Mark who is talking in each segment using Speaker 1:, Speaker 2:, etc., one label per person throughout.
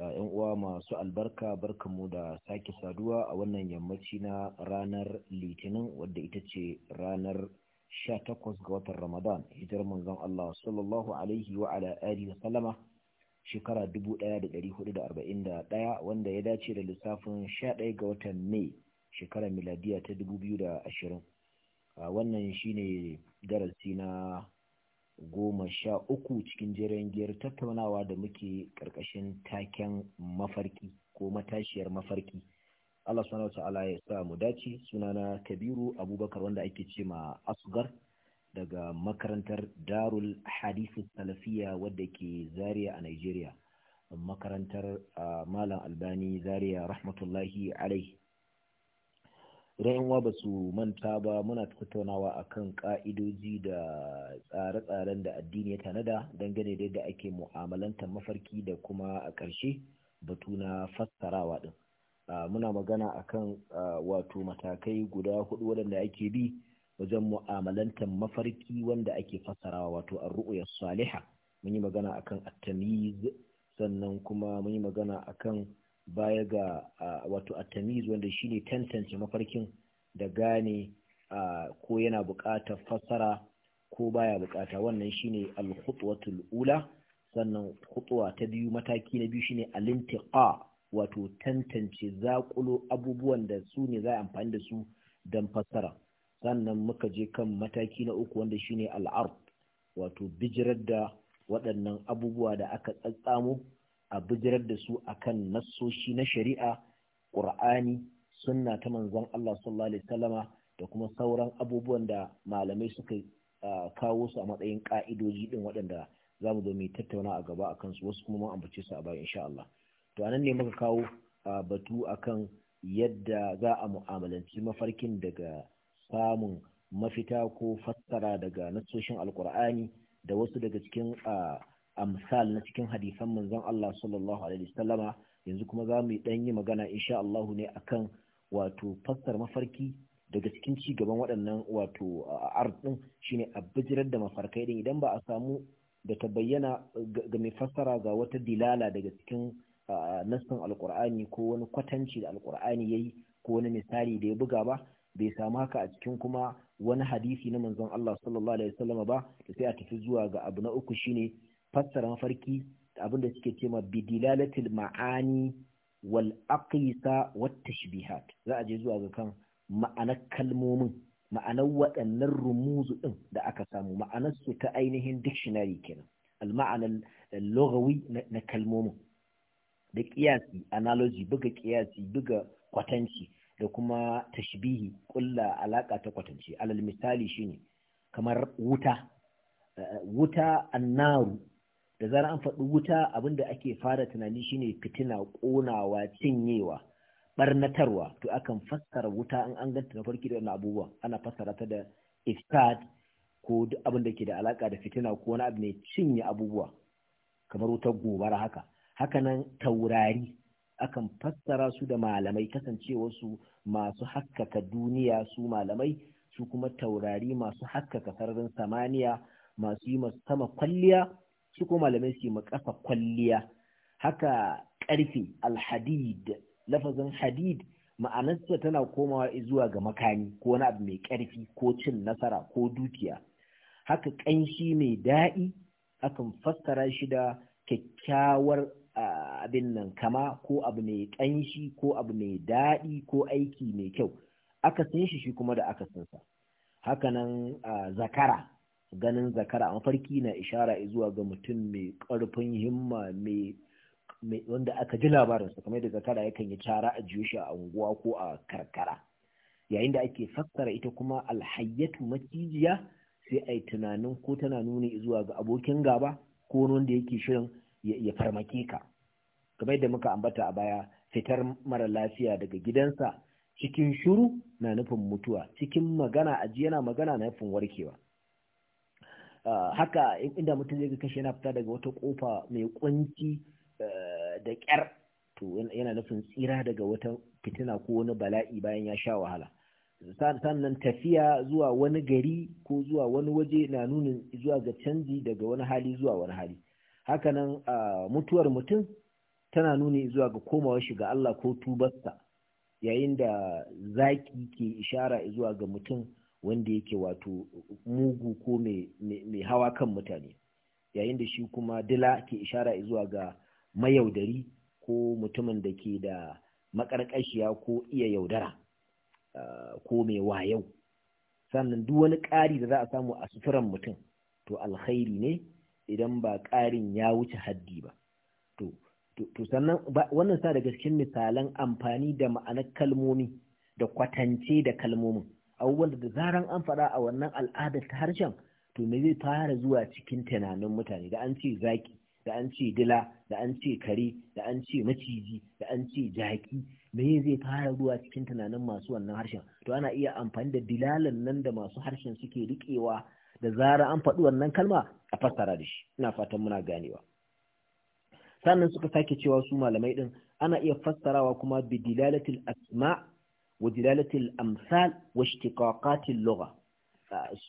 Speaker 1: yan uwa masu albarka barkanmu da sake saduwa a wannan yammaci na ranar litinin wadda ita ce ranar 18 ga watan ramadan hijirar manzon Allah sallallahu alaihi wa ala alihi sallama shekara 1441 wanda ya dace da lissafin 11 ga watan mai shekarar miladiya ta 2020 wannan shine darasi na goma sha uku cikin jiran giyar tattaunawa da muke karkashin taken mafarki ko matashiyar mafarki Allah subhanahu wa ta'ala ya sa mu dace sunana Kabiru Abubakar wanda ake ce ma Asgar daga makarantar Darul Hadithu Salafiya wadda ke Zaria a Nigeria makarantar ah, Malam Albani Zaria rahmatullahi alaihi idan yan uwa ba su manta ba muna tattaunawa akan ka'idoji da tsare-tsaren da addini ya tanada dangane da yadda ake mu'amalanta mafarki da kuma a ƙarshe batu na fassarawa din muna magana akan wato matakai guda hudu waɗanda ake bi wajen mu'amalantar mafarki wanda ake fassarawa wato a ruya saliha mun yi magana akan at-tamyiz sannan kuma mun yi magana akan baya ga wato atamiz wanda shine tantance mafarkin da gane ko yana buƙatar fassara ko baya bukata wannan shine al-khutwatul ula sannan khutwa ta biyu mataki na biyu shine al-intiqa wato tantance zaƙulo abubuwan da su ne za a amfani da su don fassara sannan muka je kan mataki na uku wanda shine al-ard wato bijirar da waɗannan abubuwa da aka tsatsamo a bijirar da su akan nassoshi na shari'a ƙur'ani sunna ta manzon Allah sallallahu alaihi wasallama da kuma sauran abubuwan da malamai suka kawo su a matsayin ka'idoji din waɗanda za mu zo mu tattauna a gaba akan su wasu kuma mun ambace su a baya insha Allah to anan ne muka kawo batu akan yadda za a mu'amalanci mafarkin daga samun mafita ko fassara daga nassoshin alkur'ani da wasu daga cikin A misali na cikin hadisan manzon Allah sallallahu alaihi wasallama yanzu kuma za mu dan yi magana insha Allah ne akan wato fassar mafarki daga cikin ci gaban waɗannan wato arzikin shine a bijirar da mafarkai din idan ba a samu da ta bayyana ga mai fassara ga wata dilala daga cikin nassin alkur'ani ko wani kwatanci da alkur'ani yayi ko wani misali da ya buga ba bai samu haka a cikin kuma wani hadisi na manzon Allah sallallahu alaihi wasallama ba sai a tafi zuwa ga abu na uku shine fassara mafarki da abin suke cewa bidilalatil ma'ani wal aqisa wat tashbihat za a je zuwa ga kan ma'anar kalmomin ma'anar waɗannan rumuzu ɗin da aka samu ma'anar su ta ainihin dictionary kenan al-ma'ana lughawi na kalmomin da ƙiyasi, analogy buga ƙiyasi, buga kwatanci da kuma tashbihi kulla alaka ta kwatanci alal misali shine kamar wuta eh, wuta annaru da zara an faɗi wuta abinda ake fara tunani shine fitina ƙonawa cinyewa ɓarnatarwa. to akan fassara wuta in an ganta na farki da wannan abubuwa ana fassara ta da ifsad ko duk abin da ke da alaka da fitina ko wani abu mai cinye abubuwa kamar wutar gobara haka Haka nan, taurari akan fassara su da malamai su masu haskaka duniya su malamai su kuma taurari masu haskaka sararin samaniya masu yi masu sama kwalliya su ko malamai su ma ƙasa kwalliya haka ƙarfe alhadid lafazin hadid ma'anarsa tana komawa zuwa ga makami ko wani abu mai ƙarfi, ko cin nasara ko dukiya haka ƙanshi mai daɗi akan fassara shi da kyakkyawar abin nan kama ko abu mai ƙanshi ko abu mai daɗi ko aiki mai kyau akasin shi shi kuma da aka akasinsa hakanan zakara ganin zakara a mafarki na ishara zuwa ga mutum mai ƙarfin himma mai wanda aka ji labarinsa kamar da zakara yakan yi tara a jiyo a unguwa ko a karkara yayin da ake fassara ita kuma alhayyatu macijiya sai a yi tunanin ko tana nuni zuwa ga abokin gaba ko wanda yake shirin ya farmake ka kamar yadda muka ambata a baya fitar mara lafiya daga gidansa cikin shiru na nufin mutuwa cikin magana aji yana magana na nufin warkewa Ah, haka inda mutum zai ga yana fita daga wata kofa mai kunci eh, da kyar to yana nufin tsira daga wata fitina ko wani bala'i bayan ya sha wahala sannan tafiya zuwa wani gari ko zuwa wani waje na nunin zuwa ga canji daga wani hali zuwa wani hali hakanan ah, mutuwar mutum tana nuni zuwa ga komawar shi ga Allah ko tubarsa yayin da zaki ke ishara zuwa ga mutum wanda yake wato mugu ko mai kan mutane yayin da shi kuma dila ke ishara zuwa ga mayaudari ko mutumin da ke da makarkashiya ko iya yaudara ah, ko mai wayau sannan duk wani ƙari da za a samu a suturan mutum to alkhairi ne idan ba ƙarin ya wuce haddi ba to sannan wannan sa da cikin misalan amfani da ma'anar kalmomi da kwatance da kalmomin abubuwan da zaran an faɗa a wannan al'adar ta harshen to me zai fara zuwa cikin tunanin mutane da an ce zaki da an ce dila da an ce kare da an ce maciji da an ce jaki me zai fara zuwa cikin tunanin masu wannan harshen to ana iya amfani da dilalan nan da masu harshen suke riƙewa da zara an faɗi wannan kalma a fassara da shi ina fatan muna ganewa sannan suka sake cewa su malamai din ana iya fassarawa kuma bi dilalatil asma wa dilalatil amsal wa ishtiqaqatil lugha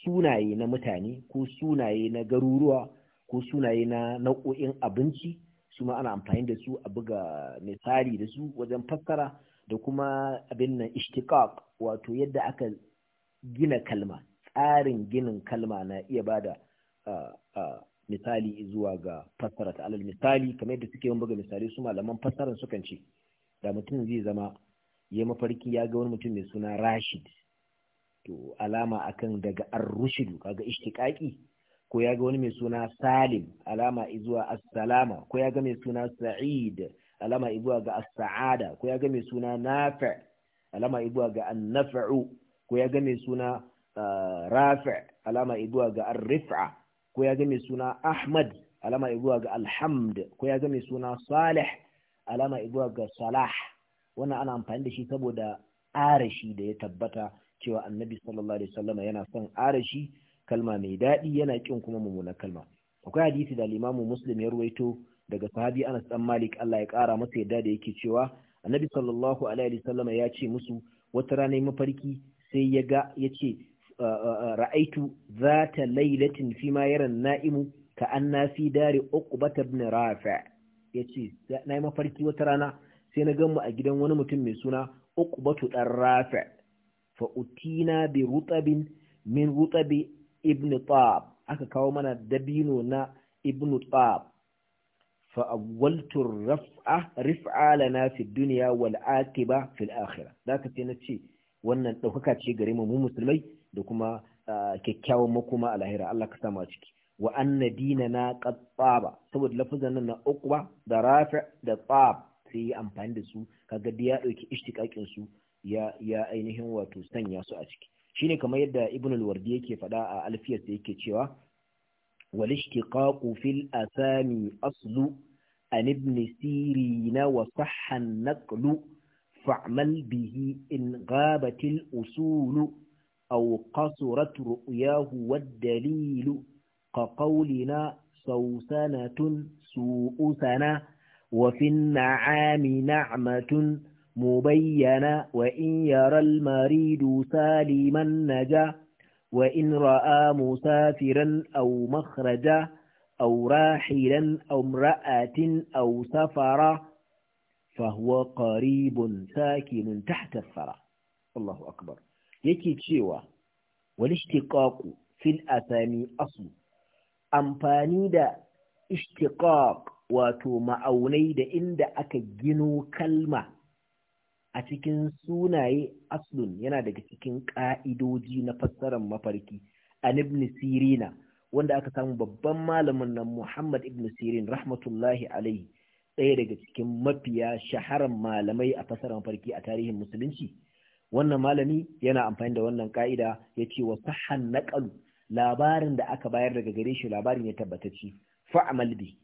Speaker 1: sunaye na mutane ko sunaye na garuruwa ko sunaye na nau'o'in abinci su ma ana amfani da su a buga misali da su wajen fassara da kuma abin nan ishtiqaq wato yadda aka gina kalma tsarin ginin kalma na iya bada misali zuwa ga fassara ta alal misali kamar yadda suke yin buga misali su malaman fassaran sukan ce da mutum zai zama ya mafarki ya ga wani mutum mai suna Rashid to alama akan daga ar-rushd kaga ishtiqaqi ko yaga wani mai suna salim alama izuwa as-salama ko yaga mai suna sa'id alama izuwa ga as-sa'ada ko yaga mai suna nafi' alama izuwa ga an-naf'u ko yaga mai suna ah, rafi' alama izuwa ga ar-rif'a ko yaga mai suna ahmad alama izuwa ga alhamd ko yaga mai suna salih alama izuwa ga salah wannan ana amfani da shi saboda arashi da ya tabbata cewa annabi sallallahu alaihi wasallam yana son arashi kalma mai daɗi yana kin kuma mummunan kalma akwai hadisi da limamu muslim ya ruwaito daga sahabi anas dan malik Allah ya kara masa yadda da yake cewa annabi sallallahu alaihi wasallam ya ce musu wata rana mafarki sai ya ga ya ce ra'aitu zata lailatin fi ma yaran na'imu ka anna fi dari uqbata ibn rafi yace na mafarki wata rana sai na gan a gidan wani mutum mai suna uqbatu dan rafi fa bi rutabin min rutabi ibn tab aka kawo mana dabino na ibn tab fa raf'a rif'a lana fi dunya wal aqiba fil akhirah zaka ce na ce wannan ɗaukaka ce gare mu musulmai da kuma kyakkyawan makoma a lahira Allah ka sama ciki wa anna dinana qad taba saboda lafazan nan na uqba da rafi' da tab sai amfani da su kaga ya dauki ishtiqaqin su ya ainihin wato sanya su a ciki shine kamar yadda ibn al-wardi yake faɗa a alfiyar yake cewa wal ishtiqaqu fil asami aslu an ibn na wa sahha naqlu fa'mal bihi in ghabat al aw qasurat ru'yahu wad dalilu ka qawlina sawsanatun su'usana wa fi naami na'matun مبينا وإن يرى المريد سالما نجا وإن رأى مسافرا أو مخرجا أو راحلا أو امرأة أو سفرا فهو قريب ساكن تحت الثرى الله أكبر يكي cewa والاشتقاق في الأثاني أصل asu دا اشتقاق واتو معوني دا إن دا أكجنو كلمة a cikin sunaye aslun yana daga cikin ƙa'idoji na fassarar mafarki an ibn sirina wanda aka samu babban malamin nan muhammad ibn sirin rahmatullahi alaihi ɗaya daga cikin mafiya shaharar malamai a fassarar mafarki a tarihin musulunci wannan malami yana amfani da wannan ka'ida ya ce wa sahan naƙalu labarin da aka bayar daga gare shi labarin ya tabbatacci fa'amal bi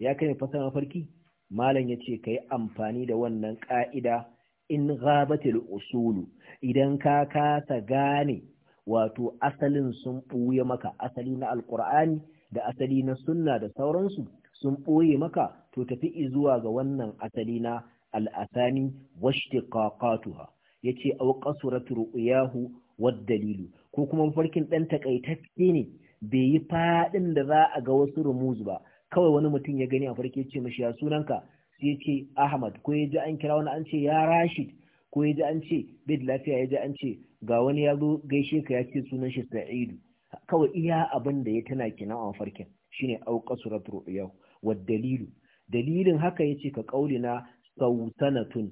Speaker 1: ya kai fassarar mafarki malam ya ce ka yi amfani da wannan ka'ida in ghabatil usulu idan ka kasa gane wato asalin sun ɓuya maka asali na alkur'ani da asali na sunna da sauransu sun ɓoye maka to tafi zuwa ga wannan asali na al'asani washtiqaqatuha yace aw qasuratu ru'yahu wad dalilu ko kuma mafarkin ɗan takaitacce ne bai yi faɗin da za a ga wasu rumuz ba kawai wani mutum ya gani a farke ce mashi ya sunanka sai ce ahmad ko ya ji an kira wani an ce ya rashid ko ya ji an ce bid lafiya ya ji an ce ga wani ya zo gaishe ka ya ce sunan shi sa'idu kawai iya abin da ya tana kenan a farkin shine auqasu ratru yau wa dalilu dalilin haka yace ka na sautanatun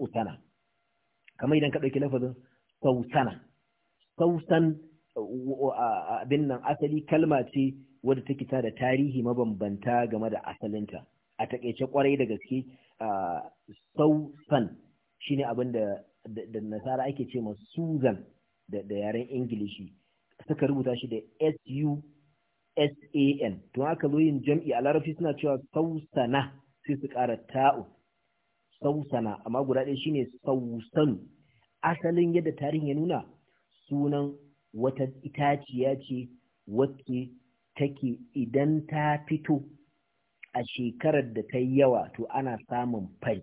Speaker 1: utana kamar idan ka dauki lafazin sautana sautan abin nan asali kalma ce wadda take ta da tarihi mabambanta game da asalinta a takaice kwarai da gaske sautan ne abin da da nasara ake ce ma susan da yaren ingilishi suka rubuta shi da A N to haka zo yin jam'i a larabci suna cewa sausana sai su ƙara ta'u sausana amma guda ɗaya shine sausan asalin yadda tarihin ya nuna sunan wata itaciya ce wacce take idan ta fito a shekarar da ta yi yawa to ana samun fai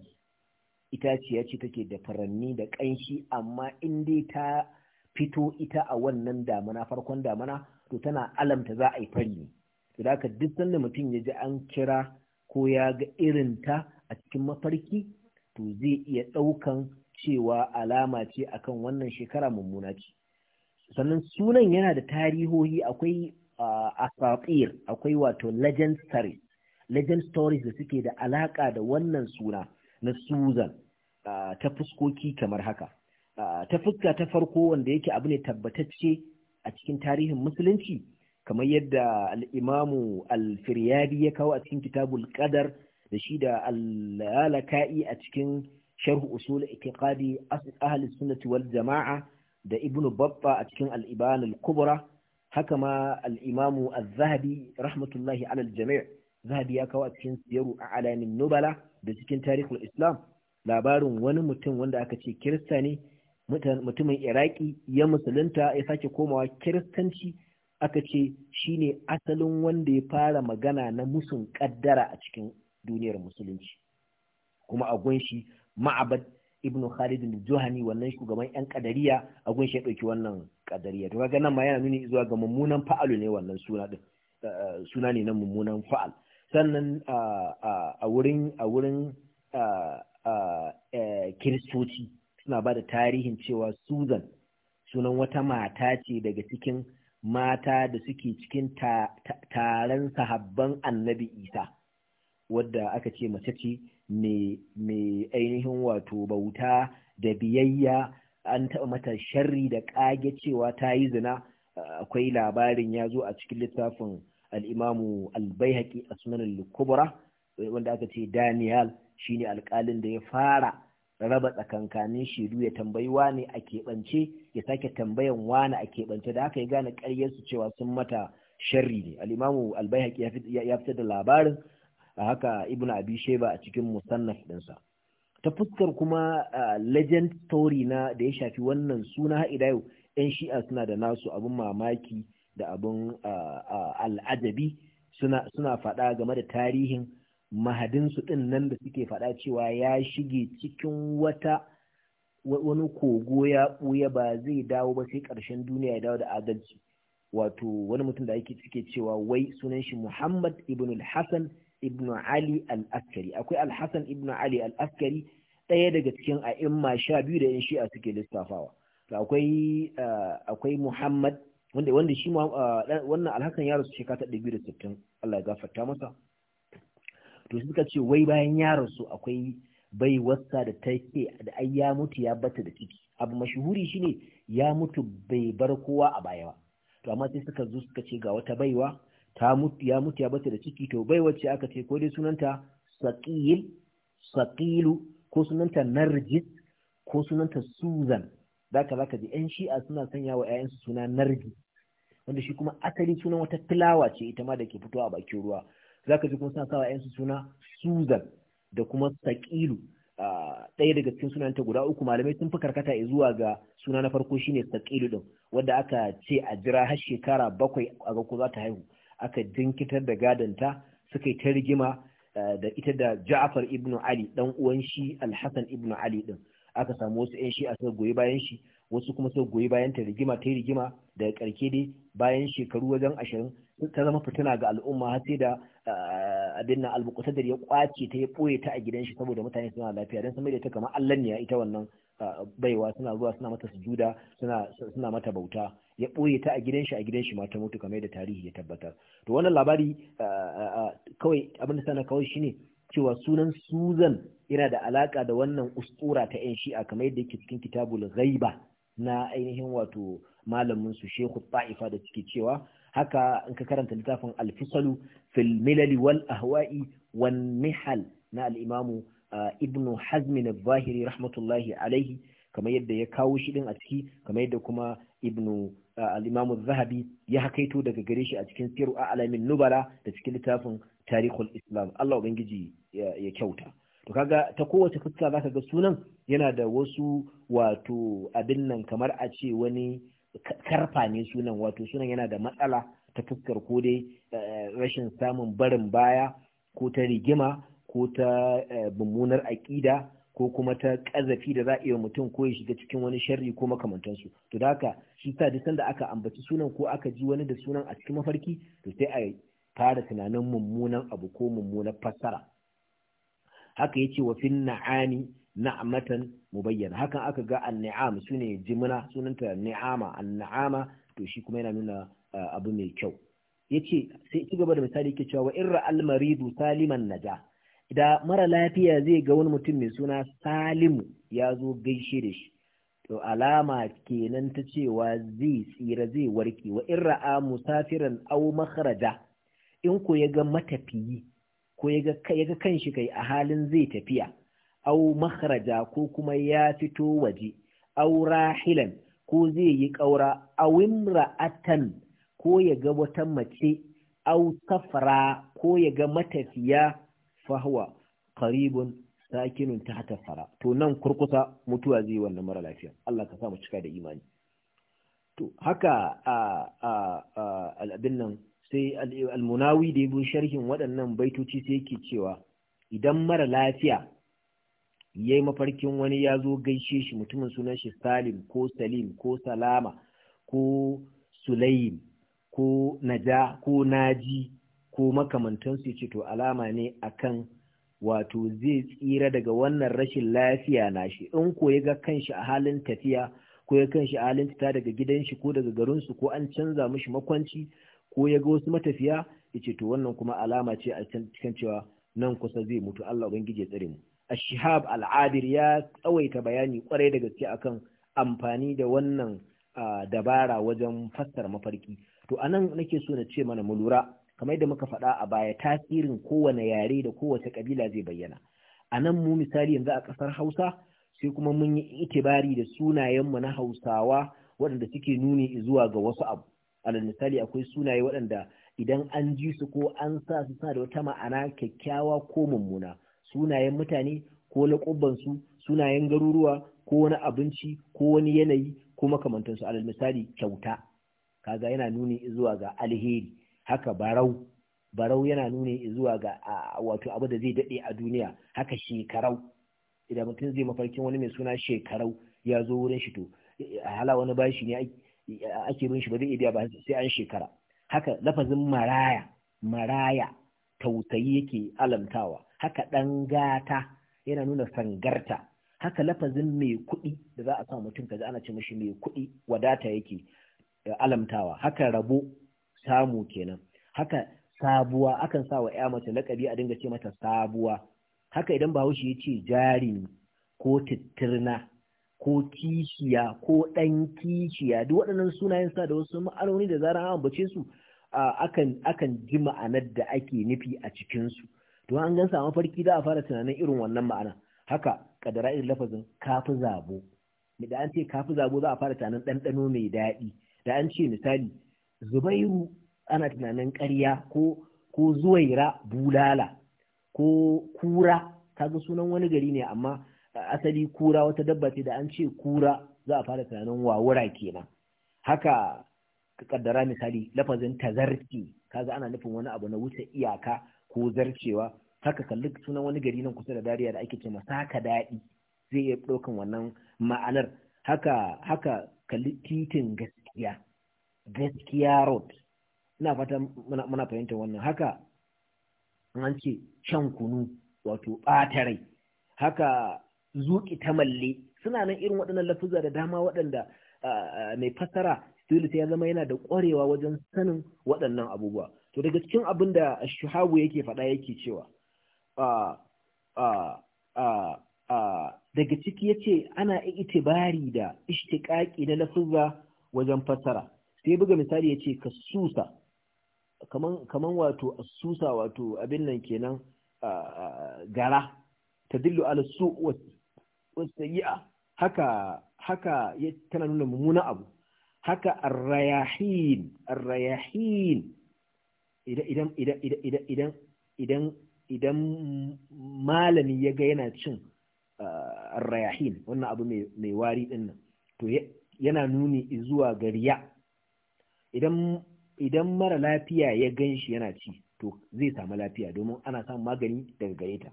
Speaker 1: itaciya ce take da furanni da ƙanshi amma in dai ta fito ita a wannan damana farkon damana to tana alamta za a yi fari to da ka duk sanda mutum ya ji an kira ko ya ga irin ta a cikin mafarki to zai iya ɗaukan cewa alama ce akan wannan shekara mummuna ce sannan sunan yana da tarihohi akwai ah, asatir akwai wato legend stories legend stories da suke da alaƙa da wannan suna na Susan ta fuskoki kamar haka ta fuska ta farko wanda yake abu ne tabbatacce a cikin tarihin musulunci kamar yadda al'imamu al-firyadi ya kawo a cikin kitabul qadar da shi da al a cikin sharhu usul itiqadi ahli sunnati wal jama'a da ibnu babba a cikin al ibanul kubra haka ma al-imamu az-zahabi rahmatullahi al-jami' zahabi ya kawo a cikin siyaru a alamin nubala da cikin tarihul islam labarin wani mutum wanda aka ce kirista ne mutumin iraki ya musulunta ya sake komawa kiristanci aka ce shi ne asalin wanda ya fara magana na musun kaddara a cikin duniyar musulunci kuma a gunshi ma'abad ibn khalid al-juhani wannan shugaban yan kadariya a gunshi ya dauki wannan kadariya to kaga nan ma yana nuni zuwa ga mummunan fa'alu ne wannan suna din eh, suna ne na mummunan fa'al sannan a wurin a wurin kiristoci suna ba da tarihin cewa susan sunan wata mata ce daga cikin mata da suke cikin taron sahabban annabi isa wadda aka ce mace ce mai ainihin wato bauta da biyayya an taɓa mata sharri da ƙage cewa ta yi zina akwai labarin ya zo a cikin littafin Al'imamu imamu a sunan al wanda aka ce daniel shine alƙalin da ya fara raba tsakankanin shaidu ya tambayi wane a keɓance ya sake tambayan wane a keɓance da haka ya gane ƙaryarsu cewa sun mata sharri ne al'imamu albayhaqi ya fitar da labarin a haka ibnu abi sheba a cikin musannaf ɗinsa ta fuskar kuma legend story na da ya shafi wannan suna ha'ida yau yan shi'a suna da nasu abin mamaki da abun al'ajabi suna faɗa game da tarihin mahadinsu ɗin nan da suke faɗa cewa ya shige cikin wata wani kogo ya ɓuya ba zai dawo ba sai ƙarshen duniya ya dawo da adalci wato wani mutum da ake suke cewa wai sunan shi muhammad ibn al-hassan ibn ali al-askari akwai al-hassan ibn ali al-askari ɗaya daga cikin a'imma sha biyu da 'yan shi'a suke lissafawa akwai akwai muhammad wanda wanda shi ma wannan alhakan ya rasu ka ta 260 Allah ya gafarta masa to suka ce wai bayan ya su akwai bai wasa da take da ai ya mutu ya bata da ciki abu mashuhuri shine ya mutu bai bar kowa a baya to amma sai suka zo suka ce ga wata baiwa ta mutu ya mutu ya bata da ciki to bai wacce aka ce ko dai sunanta saqil saqilu ko sunanta narjis ko sunanta suzan zaka zaka ji yan shi'a suna sanya wa ƴaƴansu suna narjis wanda shi kuma asali sunan wata fulawa ce ita ma da ke fitowa a bakin ruwa Za ka ji kuma suna sawa yansu suna suzan. da kuma Saƙilu ɗaya daga cikin sunanta guda uku malamai sun fi karkata zuwa ga suna na farko shine sakilu ɗin. wanda aka ce a jira har shekara bakwai a ga ko za ta haihu aka dinkitar da gadanta suka yi ta rigima da ita da ja'afar Ibnu Ali ɗan uwan shi Alhassan Ibnu Ali ɗin. aka samu wasu 'yan shi a suka goyi bayan shi wasu kuma sai goyi bayan ta rigima ta rigima daga karke dai bayan shekaru wajen ashirin ta zama fitina ga al'umma har sai da eh, abin nan almuqtadar ya kwace ta ya ɓoye ta a gidan shi saboda mutane suna lafiya dan samar da ta kamar Allah ne ita wannan eh, baiwa suna zuwa suna mata sujuda suna suna mata bauta ya boye ta a gidan shi a gidan shi ma mutu kamar da tarihi ya tabbatar to wannan labari eh, kawai abin da sana kawai shine cewa sunan Susan yana da alaka da wannan ustura ta yan shi'a kamar yadda yake cikin kitabul ghaiba na ainihin wato malamin su shehu ta'ifa da suke cewa haka in ka karanta littafin alfisalu fil milali wal ahwa'i wan mihal na al'imamu ah, ibnu hazmin al-zahiri rahmatullahi alaihi kamar yadda ya kawo shi din a ciki kamar yadda kuma ibnu ah, al'imamu zahabi ya hakaito daga gare shi a cikin siru a alamin nubala da cikin littafin tarihul islam Allah ubangiji ya kyauta to kaga ta kowace fuska zaka ga sunan yana da wasu wato abin nan kamar a ce wani karfa ne sunan wato sunan yana da matsala ta fuskar ko dai eh, rashin samun barin baya ko ta rigima ko ta eh, mummunar aƙida ko kuma ta ƙazafi da za a iya mutum ko ya shiga cikin wani sharri ko makamantansu to da haka shi sa duk sanda aka ambaci sunan ko aka ji wani da sunan a cikin mafarki to sai a fara tunanin mummunan abu ko mummunar fassara haka yace wa fin na'ani na'matan mubayyana hakan aka ga an-ni'am sune jimina sunanta ni'ama an-ni'ama to shi kuma yana nuna abu mai kyau yace sai ci gaba da misali yake cewa wa irra al-maridu saliman naja da mara lafiya zai ga wani mutum mai suna salimu ya zo gaishe da shi to alama kenan ta cewa zai tsira zai warke wa irra ra'a musafiran aw makhraja in ko ya ga matafiyi ko ya ga shi kai a halin zai tafiya au makharaja ko kuma ya fito waje au rahilan ko zai yi ƙaura Awin ra'atan ko ya ga wata mace au tafara ko ya ga matafiya Fahwa karibun sakinun ta fara. to nan kurkusa mutuwa zai wannan mara lafiya Allah ka sa cika da imani to haka a a nan sai almunawi da yi sharhin waɗannan baitoci sai yake cewa idan mara lafiya yayi mafarkin wani ya zo gaishe shi mutumin sunan shi salim ko salim ko salama ko sulaim ko naja ko naji ko makamantansu ce to alama ne akan wato zai tsira daga wannan rashin lafiya na shi, in ko ya ga kanshi a halin tafiya ko ya kanshi a halin fita daga gidan shi ko daga garinsu ko an canza mishi makwanci ko ya ga wasu matafiya ya ce to wannan kuma alama ce a cikin cewa nan kusa zai mutu Allah ubangiji ya tsare mu ashihab al'adir ya tsawaita bayani kwarai da gaske akan amfani da wannan dabara wajen fassara mafarki to anan nake so na ce mana mu lura kamar da muka faɗa a baya tasirin kowane yare da kowace kabila zai bayyana a nan mu misali yanzu a ƙasar hausa sai kuma mun yi itibari da sunayenmu na hausawa waɗanda suke nuni zuwa ga wasu abu alal misali akwai sunaye waɗanda idan an ji su ko an sa su sa da wata ma'ana kyakkyawa ko mummuna sunayen mutane ko laƙubansu sunayen garuruwa ko wani abinci ko wani yanayi ko makamantansu alal misali kyauta kaga yana nuni zuwa ga alheri haka barau barau yana nuni zuwa ga wato abu da zai daɗe a duniya haka shekarau idan mutum zai mafarkin wani mai suna shekarau ya zo wurin shi to hala wani bashi ne ake bin shi ba zai iya biya ba sai an shekara haka lafazin maraya maraya tausayi yake alamtawa haka ɗan gata yana nuna sangarta haka lafazin mai kuɗi da za a sa mutum kaji ana ce mashi mai kuɗi wadata yake alamtawa haka rabo samu kenan haka sabuwa akan sa wa ya mace lakabi a dinga ce mata sabuwa haka idan bahaushe ya ce jarimi ko tittirna ko kishiya ko ɗan kishiya duk waɗannan sunayen sa da wasu ma'anoni da zarar an ambace su akan akan ji ma'anar da ake nufi a cikin su to an gan samu farki za a fara tunanin irin wannan ma'ana haka kadara irin lafazin kafi zabo da an ce kafi zabo za a fara tunanin ɗanɗano mai daɗi da an ce misali zubairu ana tunanin ƙarya ko ko zuwaira bulala ko kura kaga sunan wani gari ne amma asali kura wata dabba ce da an ce kura za a fara tunanin wawura kenan haka ka kaddara misali lafazin tazarci kaga ana nufin wani abu na wuce iyaka ko zarcewa haka kalli sunan wani gari nan kusa da dariya da ake ce masaka daɗi zai iya ɗaukan wannan ma'anar haka haka kalli titin gaskiya gaskiya road ina fata muna fahimtar wannan haka an ce shan kunu wato ɓata rai haka zuƙi ta malle suna nan irin waɗannan lafuzza da dama waɗanda mai fassara Stulit ya zama yana da ƙwarewa wajen sanin waɗannan abubuwa to daga cikin abin da shuhabu yake faɗa yake cewa daga ciki yace ana itibari da ishtiƙaƙi na lafuzza wajen fassara sai buga misali yace kasusa kaman kaman wato asusa wato abin nan kenan gara tadillu ala su wasayi'a haka haka ya tana nuna mummuna abu haka arrayahin arrayahin idan idan idan idan idan idan malami ya ga yana cin arrayahin wannan abu mai wari din nan to yana nuni zuwa gariya. idan idan mara lafiya ya ganshi yana ci to zai samu lafiya domin ana samun magani daga gare ta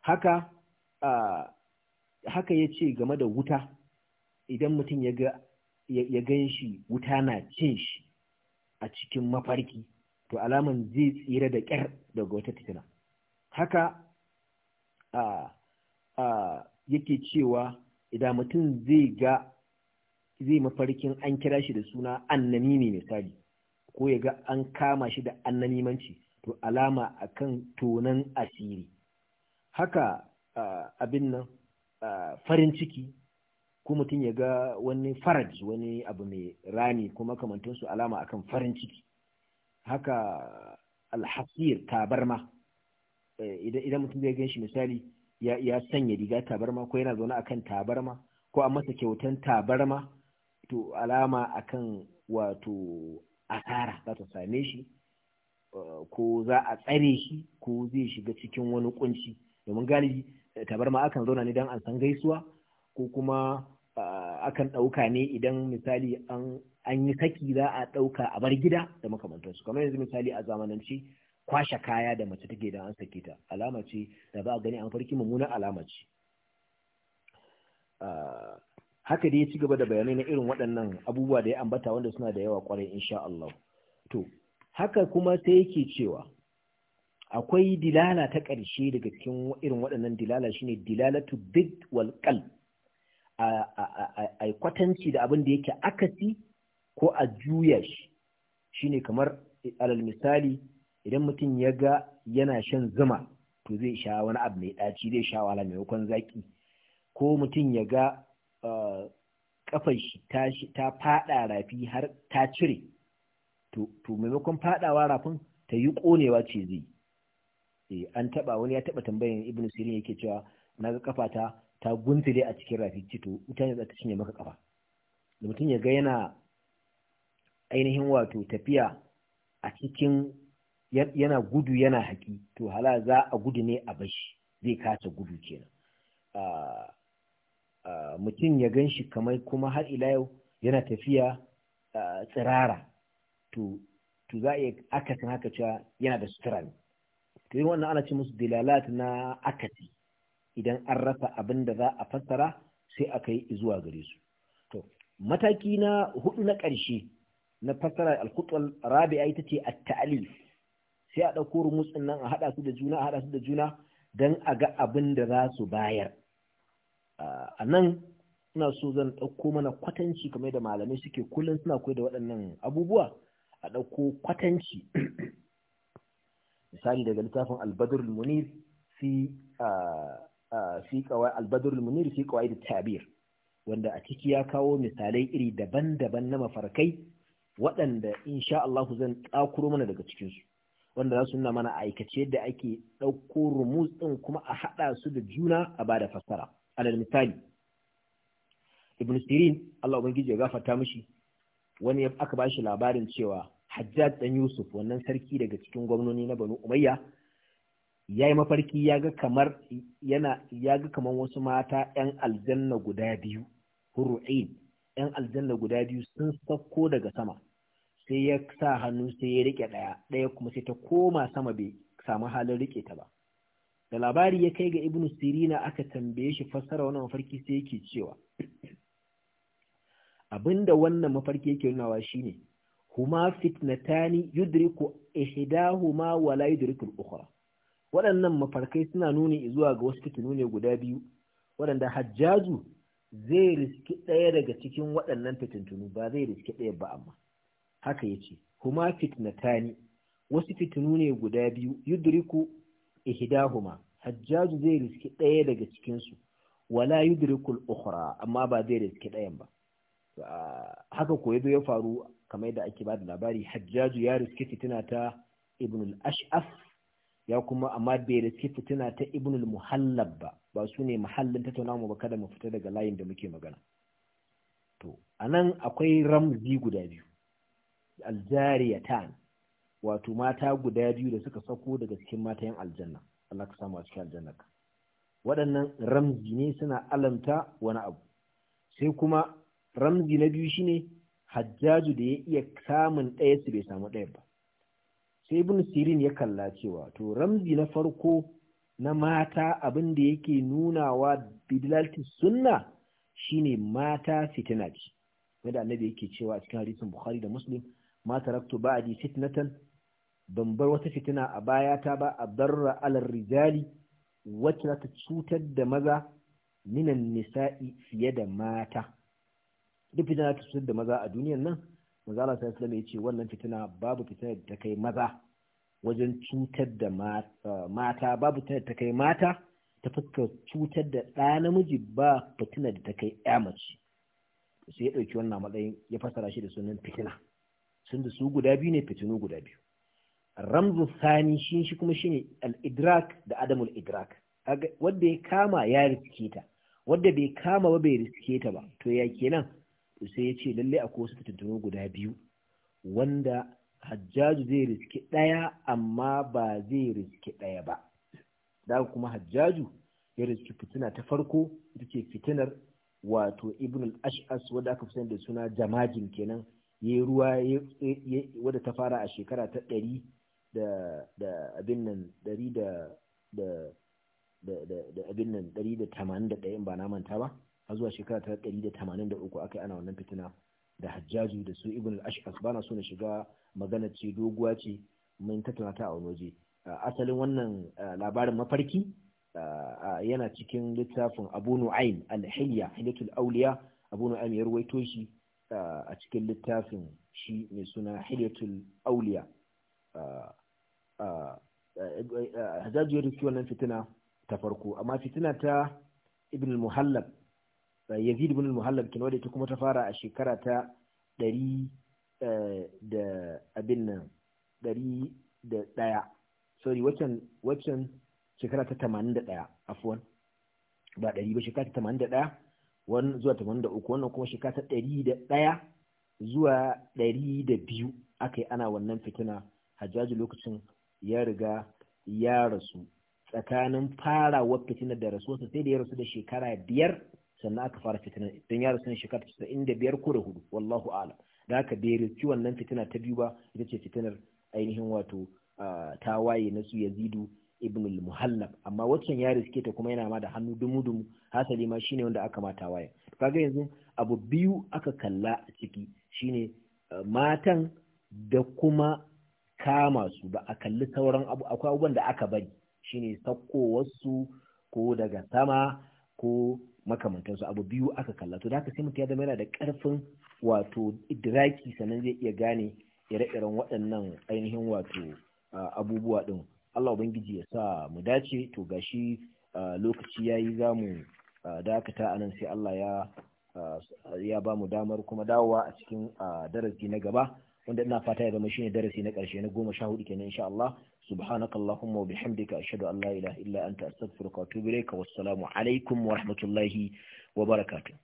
Speaker 1: haka haka ya ce game da wuta idan mutum ya gan shi wuta na cin shi a cikin mafarki to alaman zai tsira da kyar daga wata fitina haka a yake cewa idan mutum zai ga zai mafarkin an kira shi da suna annani ne misali ko ya ga an kama shi da annanimanci to alama akan tonan asiri haka abin nan farin ciki ko mutum ya ga wani faraj wani abu mai rani ko makamantansu alama akan farin ciki haka alhasir tabarma eh, idan mutum zai gan shi misali ya sanya riga tabarma ko yana zaune akan tabarma ko an masa kyautan tabarma to alama akan wato asara za ta same shi eh, ko za a tsare shi ko zai shiga cikin wani kunci domin galibi eh, tabarma akan zauna ne don an san gaisuwa ko kuma akan ɗauka ne idan misali an yi saki za a ɗauka a bar gida da makamantansu kamar yanzu misali a zamanance kwashe kaya da mace take idan an sake ta alama ce da za a gani an farki mummunan alama ce haka dai ya ci gaba da bayanai na irin waɗannan abubuwa da ya ambata wanda suna da yawa kwarai insha Allah to haka kuma sai yake cewa akwai dilala ta ƙarshe daga cikin irin waɗannan dilala shine dilalatu bid wal qal a kwatanci da abin da yake akasi ko a juya shi shine kamar alal misali idan mutum ya ga yana shan zuma to zai sha wani abu mai ɗaci zai sha wala maimakon zaki, ko mutum ya ga kafar shi ta faɗa rafi har ta cire to maimakon faɗawa rafin ta yi ƙonewa ce zai Eh, an taba wani ya taba tambayan ibnu sirin yake cewa na ga kafata ta guntule a cikin rafi cito mutane za ta cinye maka kafa da mutum ya ga yana ainihin wato tafiya a cikin yana gudu yana haƙi to hala za a gudu ne a bashi zai kasa gudu kenan mutum ya gan shi kamar kuma har ila yau yana tafiya tsirara to za a iya akasin haka cewa yana da sutura ne to wannan ana ce musu dilalat na akasi idan an rasa abin da za a fassara sai a kai zuwa gare su to mataki na hudu na ƙarshe na fassara al rabi'a ita ce a talif sai a ɗauko rumutsin nan a haɗa su da juna a haɗa su da juna don a ga abin da za su bayar a nan ina so zan ɗauko mana kwatanci kamar da malamai suke kullum suna koyar da waɗannan abubuwa a ɗauko kwatanci misali daga littafin albadur munir fi fi qawai munir fi qawaid tabir wanda a ciki ya kawo misalai iri daban-daban na mafarkai waɗanda insha Allah zan ɗakuro mana daga cikin su wanda za su nuna mana aikace yadda ake ɗauko rumus ɗin kuma a haɗa su da juna a bada fassara alal misali ibn sirin Allah ubangiji ya gafarta mishi wani aka ba shi labarin cewa hajjaj ɗan yusuf wannan sarki daga cikin gwamnoni na banu umayya ya yi mafarki ya ga kamar wasu mata yan aljanna guda biyu huru'in yan aljanna guda biyu sun sauko daga sama sai ya sa hannu sai ya rike ɗaya, ɗaya kuma sai ta koma sama bai samu halin rike ta ba da labari ya kai ga ibnu sirina aka tambaye shi fassara wannan mafarki sai yake cewa abinda wannan mafarki yake nunawa shine huma fitnatani yudriku ihdahuma wa la yudriku al-ukhra waɗannan mafarkai suna nuni zuwa ga wasu fitinu ne guda biyu wadanda hajjaju zai riski daya daga cikin wadannan fitintunu ba zai riski daya ba amma haka yace huma fitnatani wasu fitinu ne guda biyu yudriku ihdahuma hajjaju zai riski daya daga cikin su wala yudrikul ukhra amma ba zai riski dayan ba Ah, haka ko yazo ya faru kamar yadda ake bada labari hajjaju ya riske fitina ta ibn al-ash'af ya kuma amma bai riske fitina ta ibn al-muhallab ba ba su ne muhallin tattauna mu ba kada mu fita daga layin da muke magana to anan akwai ramzi guda biyu al-jariyatan wato mata guda biyu da suka sako daga cikin matayen aljanna Allah ka samu a cikin aljanna waɗannan ramzi ne suna alamta wani abu sai kuma ramzi na biyu shine hajjaju da ya iya samun ɗaya su bai samu ɗaya ba sai ibn sirin ya kalla cewa to ramzi na farko na mata abin da yake nunawa bidlalti sunna shine mata fitina ce wanda annabi yake cewa a cikin hadisin bukhari da muslim ma taraktu ba'di fitnatan ban bar wata fitina a baya ta ba a darra alar rijali wacce za ta cutar da maza minan nisa'i fiye da mata duk fitina ta cutar da maza a duniyan nan maza Allah sallallahu alaihi ya ce wannan fitina babu fitina da kai maza wajen cutar da eh, mata babu fitina da ta kai mata ta fuskar cutar da ɗa namiji ba fitina da ta kai ya mace sai ya ɗauki wannan matsayin ya fasara shi da sunan fitina sun da su guda biyu ne fitinu guda biyu ramzu sani shi shi kuma shine al-idrak da adamul idrak wanda ya kama ya riske ta wanda bai kama ba bai riske ta ba to ya kenan sai ya ce lalle akwai wasu fitintunu guda biyu wanda hajjaju zai riski ɗaya amma ba zai riski ɗaya ba da kuma hajjaju ya riski fitina ta farko ita ce fitinar wato ibn al-ash'as wadda aka fi da suna jamajin kenan ya yi ruwa wadda ta fara a shekara ta ɗari da abin nan ɗari da abin nan ɗari da tamanin da ɗayan ba na manta ba har zuwa shekara ta da tamanin ɗari uku aka yi ana wannan fitina da hajjaju da su ibn al-ashqas bana so na shiga magana ce doguwa ce mun tattauna ta a wani waje asalin wannan labarin mafarki yana cikin littafin Abu Nu'aym al-Hilya hilatul Awliya Abu Nu'aym ya ruwaito shi a cikin littafin shi mai suna hilatul Awliya Hajjaju ya rufe wannan fitina ta farko amma fitina ta Ibn al-Muhallab yazid ibn al-muhallab kin wadda ta kuma ta fara a shekara ta ɗari eh, da abin nan ɗari da ɗaya sorry wacan wacan shekara ta tamanin da ɗaya afuwan ba ɗari ba shekara ta tamanin da ɗaya wannan zuwa tamanin da uku wannan kuma shekara ta ɗari da ɗaya zuwa ɗari da biyu aka yi ana wannan fitina hajjaji lokacin ya riga ya rasu tsakanin farawar fitinar da rasuwarsa sai da ya rasu da shekara biyar sannan aka fara fitina don yaro sun shekara ta casa'in da biyar ko da hudu wallahu alam da aka bai wannan fitina ta biyu ba ita ce fitinar ainihin wato ta waye na su yazidu ibn al-muhallab amma waccan yaro suke ta kuma yana ma da hannu dumu-dumu hasali ma shine wanda aka mata waye kaga yanzu abu biyu aka kalla a ciki shine matan da kuma kama su ba a kalli sauran abu akwai abubuwan da aka bari shine sakko wasu ko daga sama ko makamantansu abu biyu aka kalla to da sai mutum ya zama yana da karfin wato idraki sannan zai iya gane ire-iren waɗannan ainihin wato abubuwa ɗin Allah ubangiji ya sa mu dace to gashi lokaci yayi za mu dakata nan sai Allah ya ya ba mu damar kuma dawowa a cikin darasi na gaba wanda ina fata ya zama shine darasi na karshe na goma sha hudu kenan insha Allah subhanaka allahumma wa bihamdika ashhadu an la ilaha illa anta astaghfiruka wa atubu ilayka wassalamu alaikum wa rahmatullahi wa barakatuh